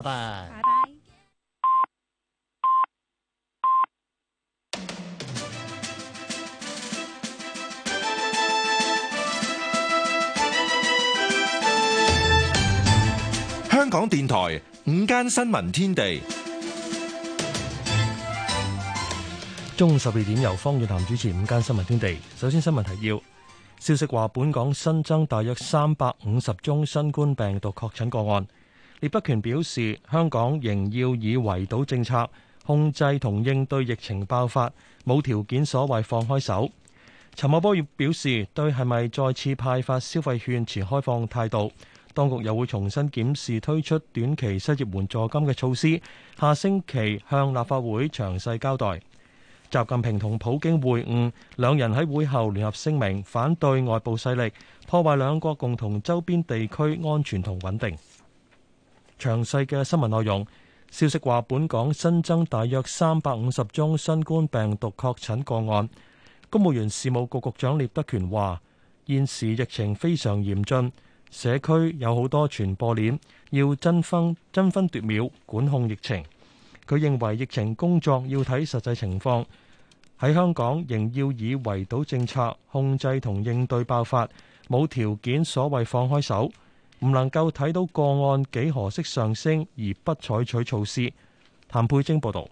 拜拜。香港電台午間新聞天地，中午十二點，由方遠談主持午間新聞天地。首先新聞提要，消息話本港新增大約三百五十宗新冠病毒確診個案。聶北權表示，香港仍要以圍堵政策控制同應對疫情爆發，冇條件所謂放開手。陳茂波亦表示，對係咪再次派發消費券持開放態度，當局又會重新檢視推出短期失業援助金嘅措施，下星期向立法會詳細交代。習近平同普京會晤，兩人喺會後聯合聲明反對外部勢力破壞兩國共同周邊地區安全同穩定。詳細嘅新聞內容，消息話本港新增大約三百五十宗新冠病毒確診個案。公務員事務局局長聶德權話：現時疫情非常嚴峻，社區有好多傳播鏈，要爭分爭分奪秒管控疫情。佢認為疫情工作要睇實際情況，喺香港仍要以圍堵政策控制同應對爆發，冇條件所謂放開手。唔能夠睇到個案幾何式上升而不採取措施。譚佩晶報道。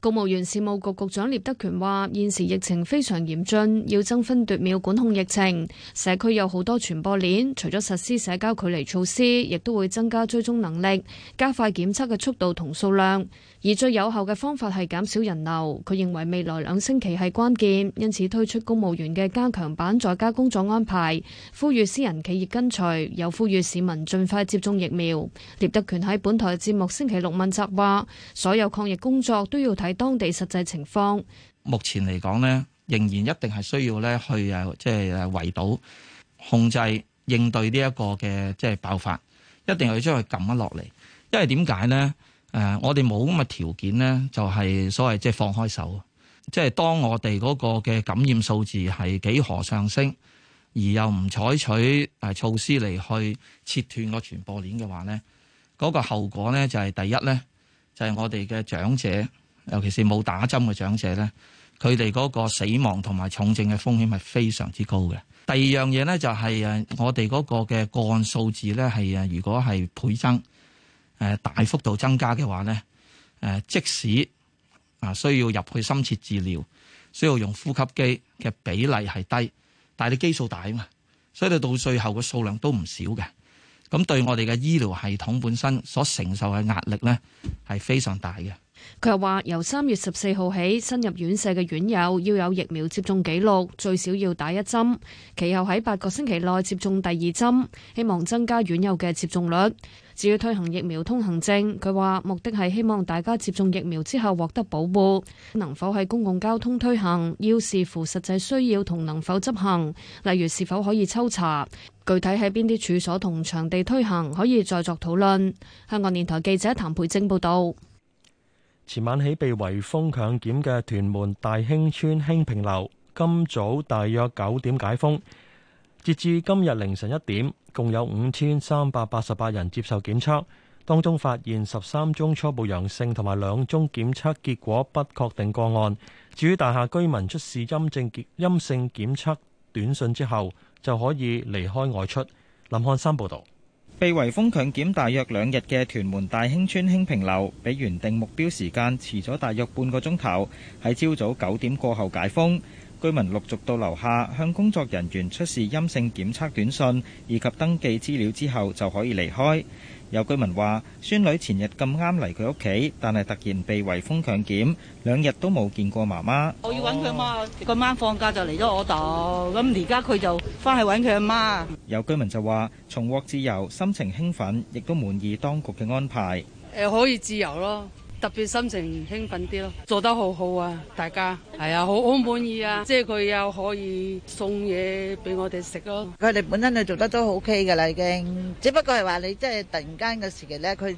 公務員事務局局長聶德權話：現時疫情非常嚴峻，要爭分奪秒管控疫情。社區有好多傳播鏈，除咗實施社交距離措施，亦都會增加追蹤能力，加快檢測嘅速度同數量。而最有效嘅方法係減少人流。佢認為未來兩星期係關鍵，因此推出公務員嘅加強版在家工作安排，呼籲私人企業跟隨，又呼籲市民盡快接種疫苗。聶德權喺本台節目星期六問責話：所有抗疫工作都要睇。係當地實際情況，目前嚟講咧，仍然一定係需要咧去誒，即係誒圍堵、控制、應對呢一個嘅即係爆發，一定係要將佢撳一落嚟。因為點解咧？誒，我哋冇咁嘅條件咧，就係所謂即係放開手，即係當我哋嗰個嘅感染數字係幾何上升，而又唔採取誒措施嚟去切斷個傳播鏈嘅話咧，嗰個後果咧就係第一咧就係我哋嘅長者。尤其是冇打針嘅長者咧，佢哋嗰個死亡同埋重症嘅風險係非常之高嘅。第二樣嘢咧就係誒，我哋嗰個嘅個案數字咧係誒，如果係倍增誒大幅度增加嘅話咧，誒即使啊需要入去深切治療，需要用呼吸機嘅比例係低，但係你基數大啊嘛，所以到到最後嘅數量都唔少嘅。咁對我哋嘅醫療系統本身所承受嘅壓力咧係非常大嘅。佢又話：由三月十四號起，新入院舍嘅院友要有疫苗接種記錄，最少要打一針，其後喺八個星期內接種第二針，希望增加院友嘅接種率。至於推行疫苗通行證，佢話目的係希望大家接種疫苗之後獲得保護。能否喺公共交通推行，要視乎實際需要同能否執行，例如是否可以抽查，具體喺邊啲處所同場地推行，可以再作討論。香港電台記者譚培正報導。前晚起被圍封強檢嘅屯門大興村興平樓，今早大約九點解封。截至今日凌晨一點，共有五千三百八十八人接受檢測，當中發現十三宗初步陽性同埋兩宗檢測結果不確定個案。至於大廈居民出示陰性檢陰性檢測短信之後，就可以離開外出。林漢山報導。被圍封強檢大約兩日嘅屯門大興村興平樓，比原定目標時間遲咗大約半個鐘頭，喺朝早九點過後解封，居民陸續到樓下向工作人員出示陰性檢測短信以及登記資料之後，就可以離開。有居民話：孫女前日咁啱嚟佢屋企，但係突然被圍封強檢，兩日都冇見過媽媽。我要揾佢嘛，今晚放假就嚟咗我度，咁而家佢就返去揾佢阿媽。有居民就話：重獲自由，心情興奮，亦都滿意當局嘅安排。誒、呃，可以自由咯。特別心情興奮啲咯，做得好好啊！大家係啊，好好滿意啊！即係佢又可以送嘢俾我哋食咯。佢哋本身就做得都 OK 噶啦，已經。只不過係話你即係突然間嘅時期咧，佢誒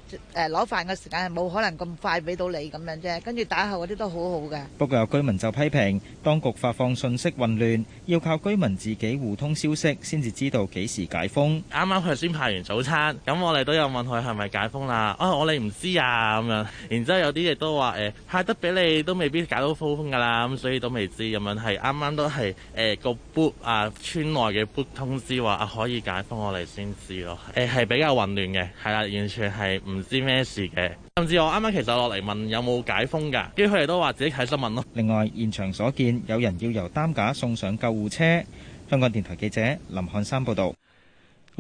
攞飯嘅時間係冇可能咁快俾到你咁樣啫。跟住打後嗰啲都好好嘅。不過有居民就批評，當局發放信息混亂，要靠居民自己互通消息先至知道幾時解封。啱啱佢先派完早餐，咁我哋都有問佢係咪解封啦。啊，我哋唔知啊咁樣。有啲嘢都話誒派得比你都未必解到封噶啦，咁所以都未知咁樣。係啱啱都係誒個 boot 啊，村內嘅 boot 通知話啊可以解封我，我哋先知咯。誒係比較混亂嘅，係啦，完全係唔知咩事嘅。甚至我啱啱其實落嚟問有冇解封㗎，跟住佢哋都話自己睇新聞咯。另外現場所見，有人要由擔架送上救護車。香港電台記者林漢山報道。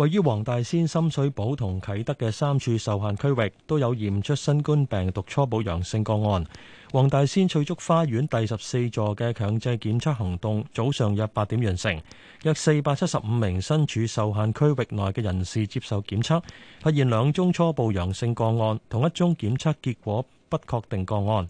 位於黃大仙、深水埗同啟德嘅三處受限區域都有驗出新冠病毒初步陽性個案。黃大仙翠竹花園第十四座嘅強制檢測行動早上約八點完成，約四百七十五名身處受限區域內嘅人士接受檢測，發現兩宗初步陽性個案，同一宗檢測結果不確定個案。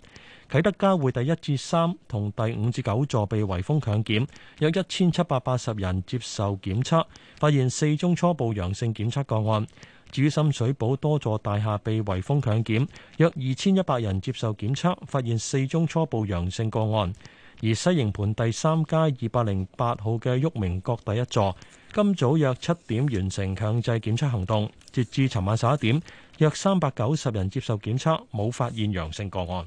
啟德嘉匯第一至三同第五至九座被圍封強檢，約一千七百八十人接受檢測，發現四宗初步陽性檢測個案。至於深水埗多座大廈被圍封強檢，約二千一百人接受檢測，發現四宗初步陽性個案。而西營盤第三街二百零八號嘅旭明閣第一座，今早約七點完成強制檢測行動，截至尋晚十一點，約三百九十人接受檢測，冇發現陽性個案。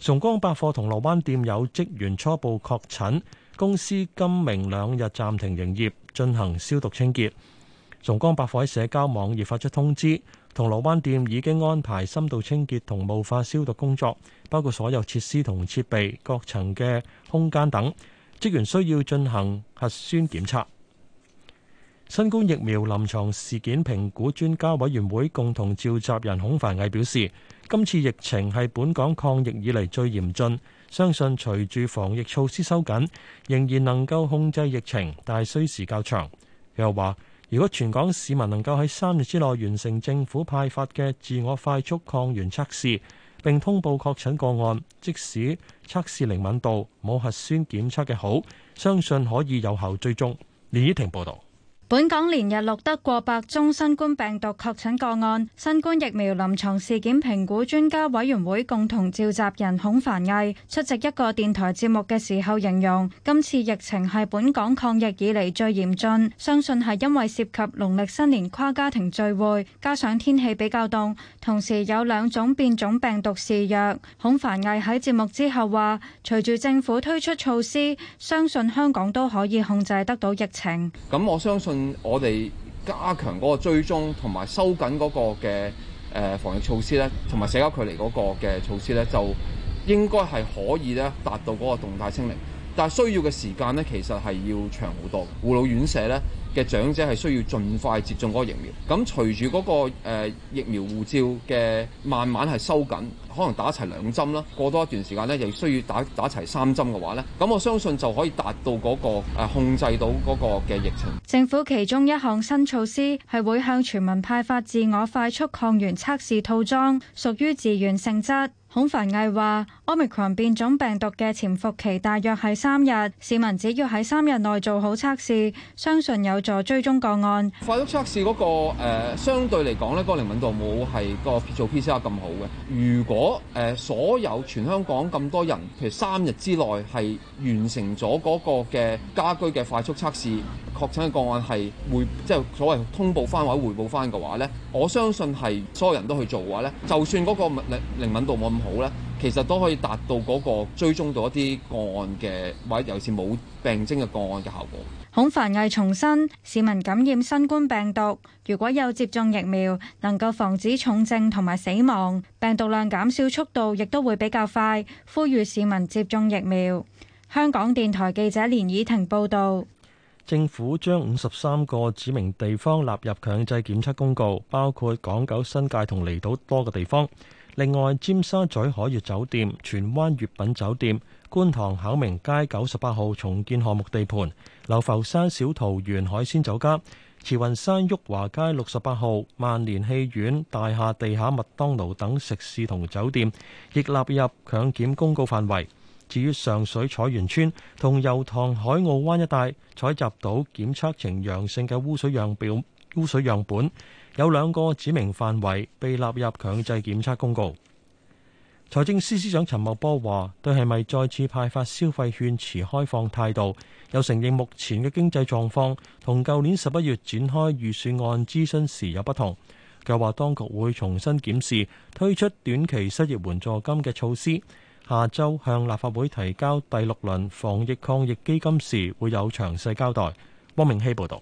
崇光百貨銅鑼灣店有職員初步確診，公司今明兩日暫停營業，進行消毒清潔。崇光百貨喺社交網頁發出通知，銅鑼灣店已經安排深度清潔同霧化消毒工作，包括所有設施同設備、各層嘅空間等。職員需要進行核酸檢測。新冠疫苗臨床事件評估專家委員會共同召集人孔凡毅表示，今次疫情係本港抗疫以嚟最嚴峻，相信隨住防疫措施收緊，仍然能夠控制疫情，但係需時較長。佢又話，如果全港市民能夠喺三日之內完成政府派發嘅自我快速抗原測試，並通報確診個案，即使測試靈敏度冇核酸檢測嘅好，相信可以有效追蹤。李依婷報道。本港連日錄得過百宗新冠病毒確診個案，新冠疫苗臨床事件評估專家委員會共同召集人孔繁毅出席一個電台節目嘅時候形容，今次疫情係本港抗疫以嚟最嚴峻，相信係因為涉及農曆新年跨家庭聚會，加上天氣比較凍，同時有兩種變種病毒肆虐。孔繁毅喺節目之後話：隨住政府推出措施，相信香港都可以控制得到疫情。咁我相信。我哋加強嗰個追蹤同埋收緊嗰個嘅誒防疫措施咧，同埋社交距離嗰個嘅措施咧，就應該係可以咧達到嗰個動態清零，但係需要嘅時間咧，其實係要長好多。護老院舍咧，嘅長者係需要盡快接種嗰個疫苗。咁隨住嗰個疫苗護照嘅慢慢係收緊，可能打齊兩針啦。過多一段時間咧，又需要打打齊三針嘅話咧，咁我相信就可以達到嗰個控制到嗰個嘅疫情。政府其中一項新措施係會向全民派發自我快速抗原測試套裝，屬於自願性質。孔繁毅話，Omicron 變種病毒嘅潛伏期大約係三日，市民只要喺三日內做好測試，相信有助追蹤個案。快速測試嗰個誒、呃，相對嚟講呢個靈敏度冇係個做 PCR 咁好嘅。如果誒、呃、所有全香港咁多人，譬如三日之內係完成咗嗰個嘅家居嘅快速測試，確診嘅個案係會即係、就是、所謂通報翻或者匯報翻嘅話呢，我相信係所有人都去做嘅話呢，就算嗰個靈敏度冇好咧，其實都可以達到嗰個追蹤到一啲個案嘅，或者尤其是冇病徵嘅個案嘅效果。孔繁毅重申，市民感染新冠病毒，如果有接種疫苗，能夠防止重症同埋死亡，病毒量減少速度亦都會比較快。呼籲市民接種疫苗。香港電台記者連以婷報道，政府將五十三個指明地方納入強制檢測公告，包括港九新界同離島多個地方。另外，尖沙咀海悅酒店、荃灣悅品酒店、觀塘巧明街九十八號重建項目地盤、流浮山小桃園海鮮酒家、慈雲山旭華街六十八號萬年戲院大廈地下麥當勞等食肆同酒店亦納入強檢公告範圍。至於上水彩園村同油塘海澳灣一帶，採集到檢測呈陽性嘅污水樣表污水樣本。有兩個指明範圍被納入強制檢測公告。財政司司長陳茂波話，對係咪再次派發消費券持開放態度，又承認目前嘅經濟狀況同舊年十一月展開預算案諮詢時有不同。佢話當局會重新檢視推出短期失業援助金嘅措施，下周向立法會提交第六輪防疫抗疫基金時會有詳細交代。汪明希報道。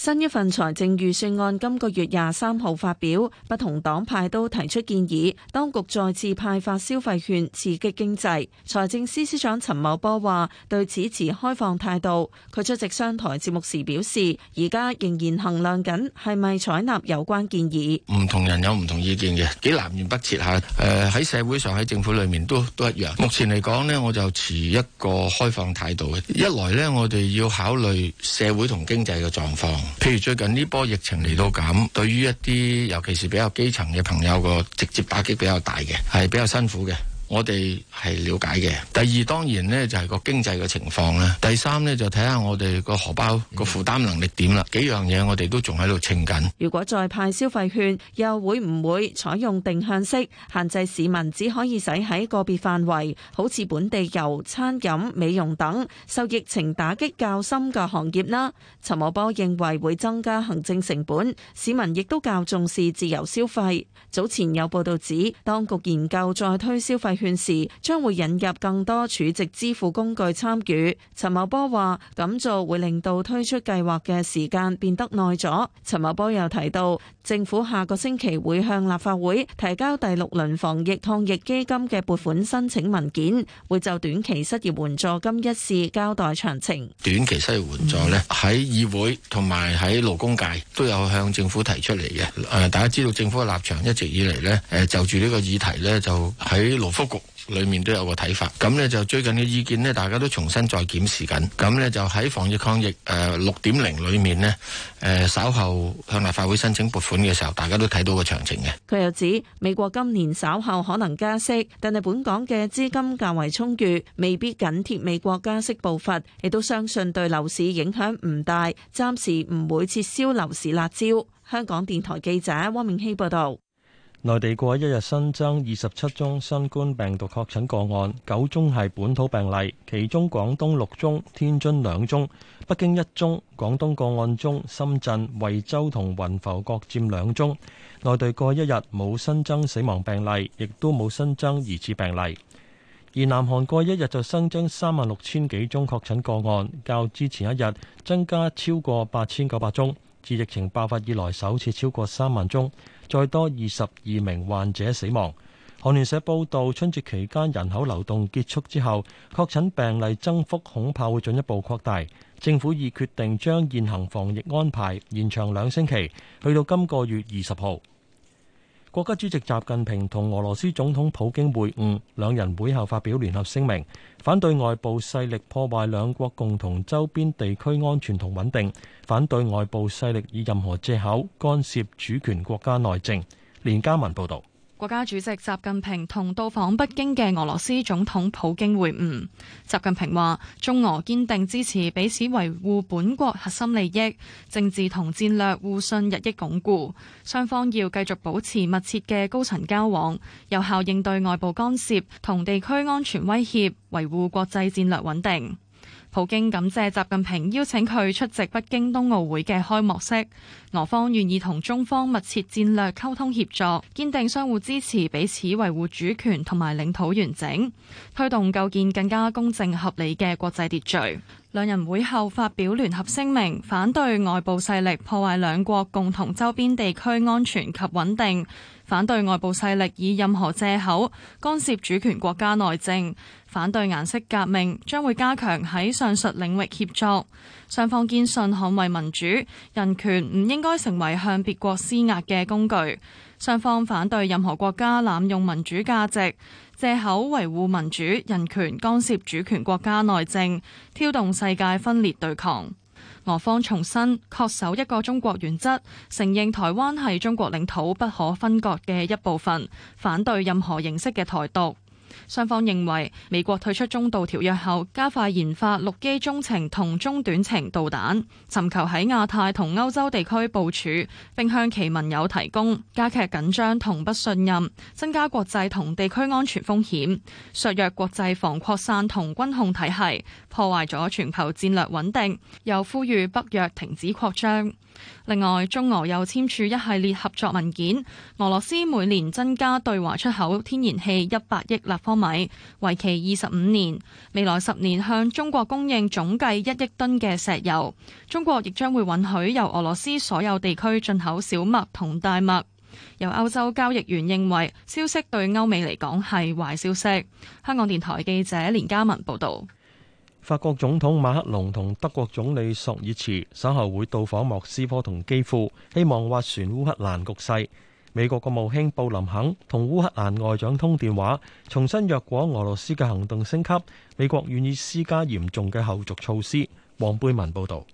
新一份財政預算案今個月廿三號發表，不同黨派都提出建議，當局再次派發消費券刺激經濟。財政司司長陳茂波話：對此持開放態度。佢出席商台節目時表示：而家仍然衡量緊係咪採納有關建議。唔同人有唔同意見嘅，幾南轅北轍下。誒、呃、喺社會上喺政府裏面都都一樣。目前嚟講呢，我就持一個開放態度嘅。一來呢，我哋要考慮社會同經濟嘅狀況。譬如最近呢波疫情嚟到咁，對於一啲尤其是比較基層嘅朋友個直接打擊比較大嘅，係比較辛苦嘅。我哋係了解嘅。第二，當然呢就係個經濟嘅情況啦。第三呢，就睇下我哋個荷包個負擔能力點啦。幾樣嘢我哋都仲喺度稱緊。如果再派消費券，又會唔會採用定向式，限制市民只可以使喺個別範圍，好似本地遊、餐飲、美容等受疫情打擊較深嘅行業啦？陳茂波認為會增加行政成本，市民亦都較重視自由消費。早前有報道指，當局研究再推消費券時將會引入更多儲值支付工具參與。陳茂波話，咁做會令到推出計劃嘅時間變得耐咗。陳茂波又提到，政府下個星期會向立法會提交第六輪防疫抗疫基金嘅撥款申請文件，會就短期失業援助金一事交代詳情。短期失業援助咧，喺議會同埋喺勞工界都有向政府提出嚟嘅。誒，大家知道政府嘅立場一直以嚟呢，誒就住呢個議題呢，就喺勞福局裏面都有個睇法，咁呢，就最近嘅意見呢，大家都重新再檢視緊。咁呢，就喺防疫抗疫誒六點零裏面呢，誒稍後向立法會申請撥款嘅時候，大家都睇到個詳情嘅。佢又指美國今年稍後可能加息，但係本港嘅資金較為充裕，未必緊貼美國加息步伐，亦都相信對樓市影響唔大，暫時唔會撤銷樓市辣招。香港電台記者汪明希報道。內地過一日新增二十七宗新冠病毒確診個案，九宗係本土病例，其中廣東六宗、天津兩宗、北京一宗。廣東個案中，深圳、惠州同雲浮各占兩宗。內地過一日冇新增死亡病例，亦都冇新增疑似病例。而南韓過一日就新增三萬六千幾宗確診個案，較之前一日增加超過八千九百宗。自疫情爆發以來，首次超過三萬宗，再多二十二名患者死亡。韓聯社報道，春節期間人口流動結束之後，確診病例增幅恐怕會進一步擴大。政府已決定將現行防疫安排延長兩星期，去到今個月二十號。國家主席習近平同俄羅斯總統普京會晤，兩人會後發表聯合聲明，反對外部勢力破壞兩國共同周邊地區安全同穩定，反對外部勢力以任何借口干涉主權國家內政。連家文報道。國家主席習近平同到訪北京嘅俄羅斯總統普京會晤。習近平話：中俄堅定支持彼此維護本國核心利益，政治同戰略互信日益鞏固，雙方要繼續保持密切嘅高層交往，有效應對外部干涉同地區安全威脅，維護國際戰略穩定。普京感謝習近平邀請佢出席北京冬奧會嘅開幕式。俄方願意同中方密切戰略溝通協作，堅定相互支持，彼此維護主權同埋領土完整，推動構建更加公正合理嘅國際秩序。兩人會後發表聯合聲明，反對外部勢力破壞兩國共同周邊地區安全及穩定。反對外部勢力以任何借口干涉主權國家內政，反對顏色革命，將會加強喺上述領域協作。雙方堅信捍衞民主、人權唔應該成為向別國施壓嘅工具。雙方反對任何國家濫用民主價值藉口維護民主、人權干涉主權國家內政，挑動世界分裂對抗。俄方重申，恪守一個中國原則，承認台灣係中國領土不可分割嘅一部分，反對任何形式嘅台獨。雙方認為美國退出中導條約後，加快研發陸基中程同中短程導彈，尋求喺亞太同歐洲地區部署並向其盟友提供，加劇緊張同不信任，增加國際同地區安全風險，削弱國際防擴散同軍控體系，破壞咗全球戰略穩定。又呼籲北約停止擴張。另外，中俄又簽署一系列合作文件，俄羅斯每年增加對華出口天然氣一百億立方米，為期二十五年，未來十年向中國供應總計一億噸嘅石油。中國亦將會允許由俄羅斯所有地區進口小麥同大麥。由歐洲交易員認為，消息對歐美嚟講係壞消息。香港電台記者連家文報道。法國總統馬克龍同德國總理索爾茨稍後會到訪莫斯科同基輔，希望斡旋烏克蘭局勢。美國嘅國務卿布林肯同烏克蘭外長通電話，重申若果俄羅斯嘅行動升級，美國願意施加嚴重嘅後續措施。黃貝文報道。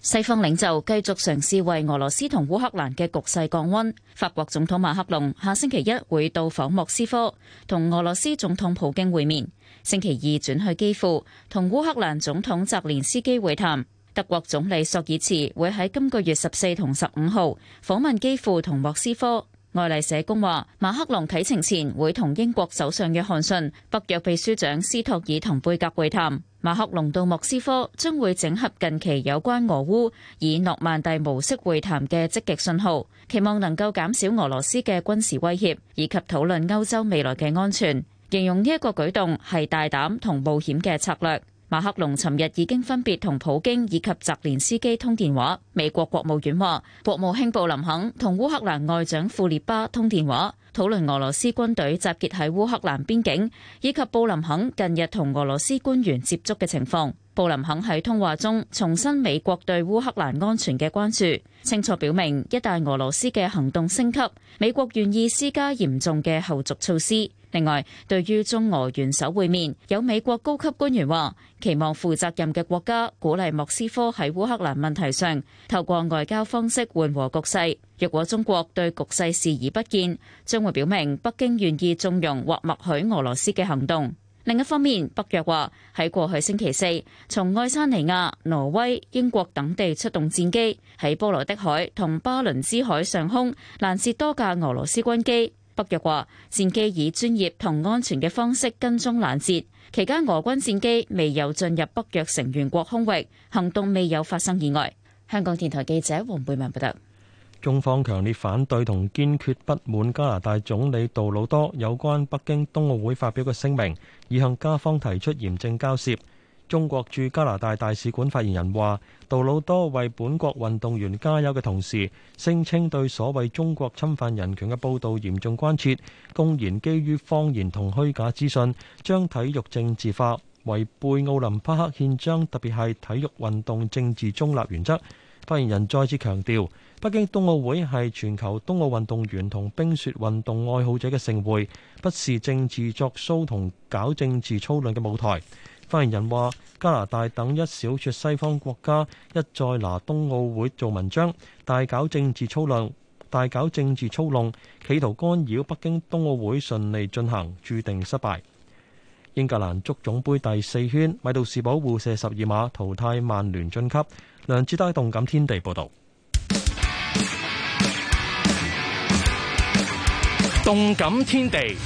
西方領袖繼續嘗試為俄羅斯同烏克蘭嘅局勢降溫。法國總統馬克龍下星期一會到訪莫斯科，同俄羅斯總統普京會面；星期二轉去基輔，同烏克蘭總統澤連斯基會談。德國總理朔爾茨會喺今個月十四同十五號訪問基輔同莫斯科。愛麗舍宮話，馬克龍啟程前會同英國首相約翰遜、北約秘書長斯托爾滕貝格會談。馬克龍到莫斯科將會整合近期有關俄烏以諾曼底模式會談嘅積極信號，期望能夠減少俄羅斯嘅軍事威脅以及討論歐洲未來嘅安全。形容呢一個舉動係大膽同冒險嘅策略。馬克龍尋日已經分別同普京以及澤連斯基通電話。美國國務院話，國務卿布林肯同烏克蘭外長庫列巴通電話，討論俄羅斯軍隊集結喺烏克蘭邊境，以及布林肯近日同俄羅斯官員接觸嘅情況。布林肯喺通話中重申美國對烏克蘭安全嘅關注，清楚表明一旦俄羅斯嘅行動升級，美國願意施加嚴重嘅後續措施。另外，對於中俄元首會面，有美國高級官員話：期望負責任嘅國家鼓勵莫斯科喺烏克蘭問題上透過外交方式緩和局勢。若果中國對局勢視而不見，將會表明北京願意縱容或默許俄羅斯嘅行動。另一方面，北約話喺過去星期四，從愛沙尼亞、挪威、英國等地出動戰機，喺波羅的海同巴倫支海上空攔截多架俄羅斯軍機。北約話戰機以專業同安全嘅方式跟蹤攔截，期間俄軍戰機未有進入北約成員國空域，行動未有發生意外。香港電台記者黃貝文報道。中方強烈反對同堅決不滿加拿大總理杜魯多有關北京冬奧會發表嘅聲明，已向加方提出嚴正交涉。中國駐加拿大大使館發言人話：杜魯多為本國運動員加油嘅同時，聲稱對所謂中國侵犯人權嘅報道嚴重關切，公然基於謊言同虛假資訊，將體育政治化，違背奧林匹克憲章，特別係體育運動政治中立原則。發言人再次強調，北京冬奧會係全球冬奧運動員同冰雪運動愛好者嘅盛會，不是政治作秀同搞政治操弄嘅舞台。發言人話：加拿大等一小撮西方國家一再拿冬奧會做文章，大搞政治操弄，大搞政治操弄，企圖干擾北京冬奧會順利進行，注定失敗。英格蘭足總杯第四圈，米杜士堡互射十二碼淘汰曼聯晉級。梁志丹動感天地報道。動感天地。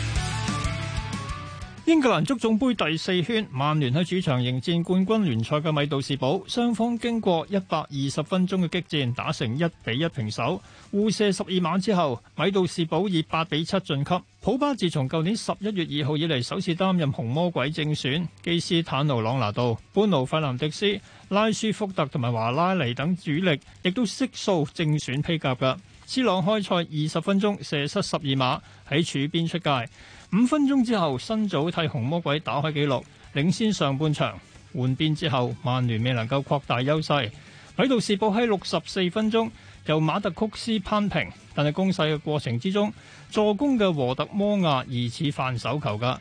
英格蘭足總盃第四圈，曼聯喺主場迎戰冠軍聯賽嘅米杜士堡，雙方經過一百二十分鐘嘅激戰，打成一比一平手。互射十二碼之後，米杜士堡以八比七晉級。普巴自從舊年十一月二號以嚟，首次擔任紅魔鬼正選。基斯坦奴朗拿度、班奴費南迪斯、拉舒福特同埋華拉尼等主力，亦都悉數正選披甲噶。斯朗開賽二十分鐘射失十二碼，喺柱邊出界。五分鐘之後，新組替紅魔鬼打開紀錄，領先上半場。換邊之後，曼聯未能夠擴大優勢，喺度試補，喺六十四分鐘由馬特曲斯扳平，但係攻勢嘅過程之中，助攻嘅和特摩亞疑似犯手球㗎。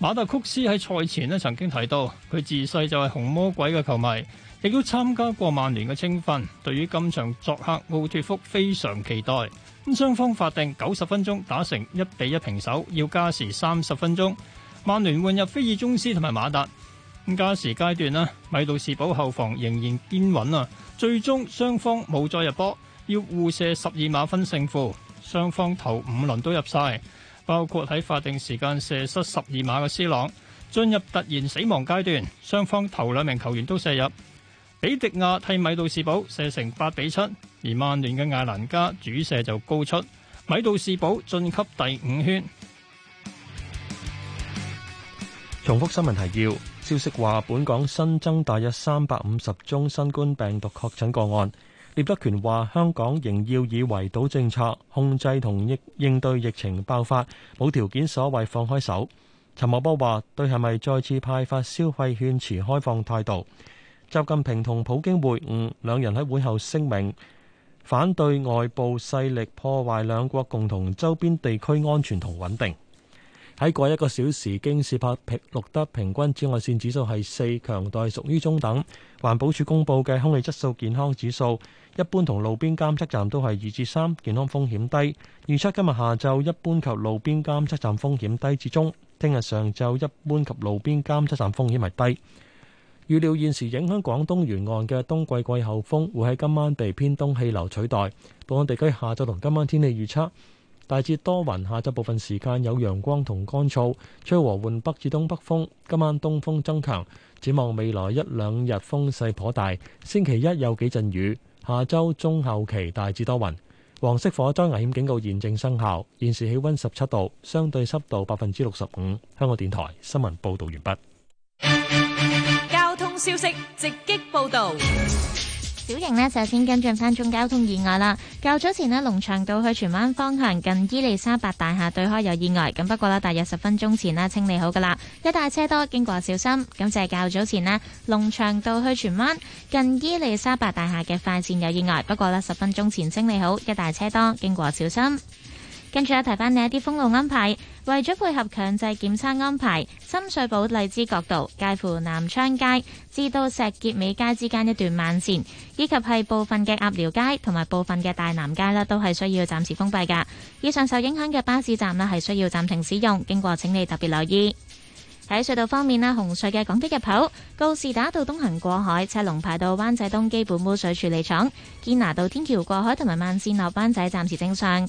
馬特曲斯喺賽前咧曾經提到，佢自細就係紅魔鬼嘅球迷。亦都參加過曼聯嘅青訓，對於今場作客奧脱福非常期待。咁雙方法定九十分鐘打成一比一平手，要加時三十分鐘。曼聯換入菲爾鍾斯同埋馬達。加時階段咧，米杜士堡後防仍然堅穩啊。最終雙方冇再入波，要互射十二碼分勝負。雙方頭五輪都入晒，包括喺法定時間射失十二碼嘅斯朗。進入突然死亡階段，雙方頭兩名球員都射入。比迪亞替米杜士堡射成八比七，而曼聯嘅艾蘭加主射就高出，米杜士堡晉級第五圈。重複新聞提要：消息話，本港新增大約三百五十宗新冠病毒確診個案。聶德權話，香港仍要以圍堵政策控制同應應對疫情爆發，冇條件所謂放開手。陳茂波話，對係咪再次派發消費券持開放態度。習近平同普京會晤，兩人喺會後聲明反對外部勢力破壞兩國共同周邊地區安全同穩定。喺過一個小時，京士柏匹錄得平均紫外線指數係四，強度屬於中等。環保署公布嘅空氣質素健康指數，一般同路邊監測站都係二至三，健康風險低。預測今日下晝一般及路邊監測站風險低至中，聽日上晝一般及路邊監測站風險係低。預料現時影響廣東沿岸嘅冬季季候風，會喺今晚被偏東氣流取代。本港地區下晝同今晚天氣預測大致多雲，下晝部分時間有陽光同乾燥，吹和緩北至東北風。今晚東風增強，展望未來一兩日風勢頗大。星期一有幾陣雨，下周中後期大致多雲。黃色火災危險警告現正生效。現時氣溫十七度，相對濕度百分之六十五。香港電台新聞報導完畢。消息直擊報道，小瑩咧，就先跟進返中交通意外啦。較早前咧，龍翔道去荃灣方向近伊利沙伯大廈對開有意外，咁不過咧大約十分鐘前咧清理好噶啦。一大車多經過小心。咁就係較早前咧，龍翔道去荃灣近伊利沙伯大廈嘅快線有意外，不過咧十分鐘前清理好，一大車多經過小心。跟住咧，提翻呢一啲封路安排，為咗配合強制檢測安排，深水埗荔枝角道介乎南昌街至到石硤尾街之間一段慢線，以及係部分嘅鴨寮街同埋部分嘅大南街呢都係需要暫時封閉噶。以上受影響嘅巴士站呢，係需要暫停使用，經過請你特別留意。喺隧道方面呢，紅隧嘅港鐵入口、告士打道東行過海車龍排到灣仔東基本污水處理廠、堅拿道天橋過海同埋慢線落灣仔，暫時正常。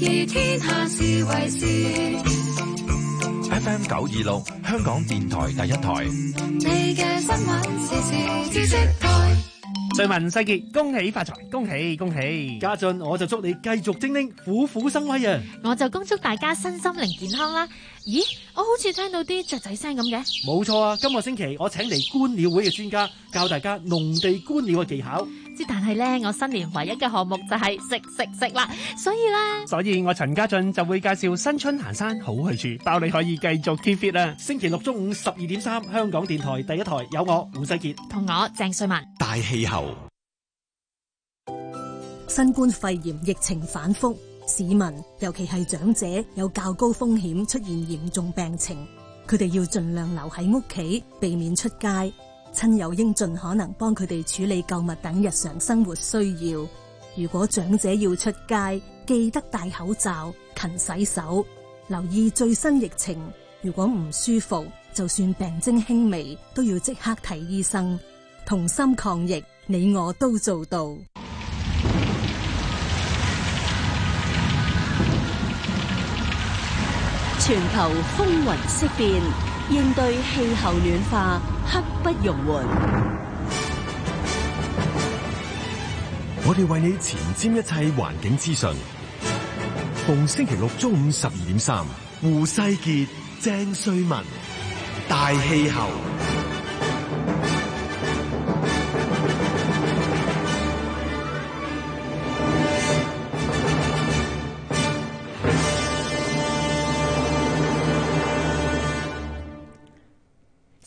而天下事為事。F M 九二六香港電台第一台。你嘅新聞時事知識台。歲末世杰，恭喜發財，恭喜恭喜。家俊，我就祝你繼續精靈，虎虎生威啊！我就恭祝大家身心靈健康啦、啊。咦，我好似聽到啲雀仔聲咁嘅。冇錯啊，今個星期我請嚟觀鳥會嘅專家教大家農地觀鳥嘅技巧。之但係咧，我新年唯一嘅項目就係食食食啦，所以咧，所以我陳家俊就會介紹新春行山好去處，包你可以繼續 keep fit 啊！星期六中午十二點三，香港電台第一台有我胡世杰同我鄭瑞文。大氣候，新冠肺炎疫情反覆，市民尤其係長者有較高風險出現嚴重病情，佢哋要盡量留喺屋企，避免出街。親友應盡可能幫佢哋處理購物等日常生活需要。如果長者要出街，記得戴口罩、勤洗手，留意最新疫情。如果唔舒服，就算病徵輕微，都要即刻睇醫生。同心抗疫，你我都做到。全球風雲色變。應對氣候暖化，刻不容緩。 我哋為你前瞻一切環境資訊，逢星期六中午十二點三，胡世傑、鄭瑞文，大氣候。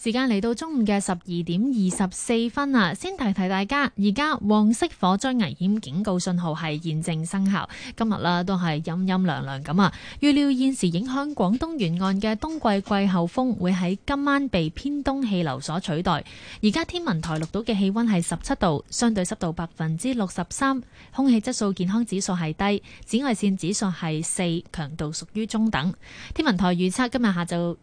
時間嚟到中午嘅十二點二十四分啦，先提提大家，而家黃色火災危險警告信號係現正生效。今日啦都係陰陰涼涼咁啊。預料現時影響廣東沿岸嘅冬季季候風會喺今晚被偏東氣流所取代。而家天文台錄到嘅氣温係十七度，相對濕度百分之六十三，空氣質素健康指數係低，紫外線指數係四，強度屬於中等。天文台預測今日下晝。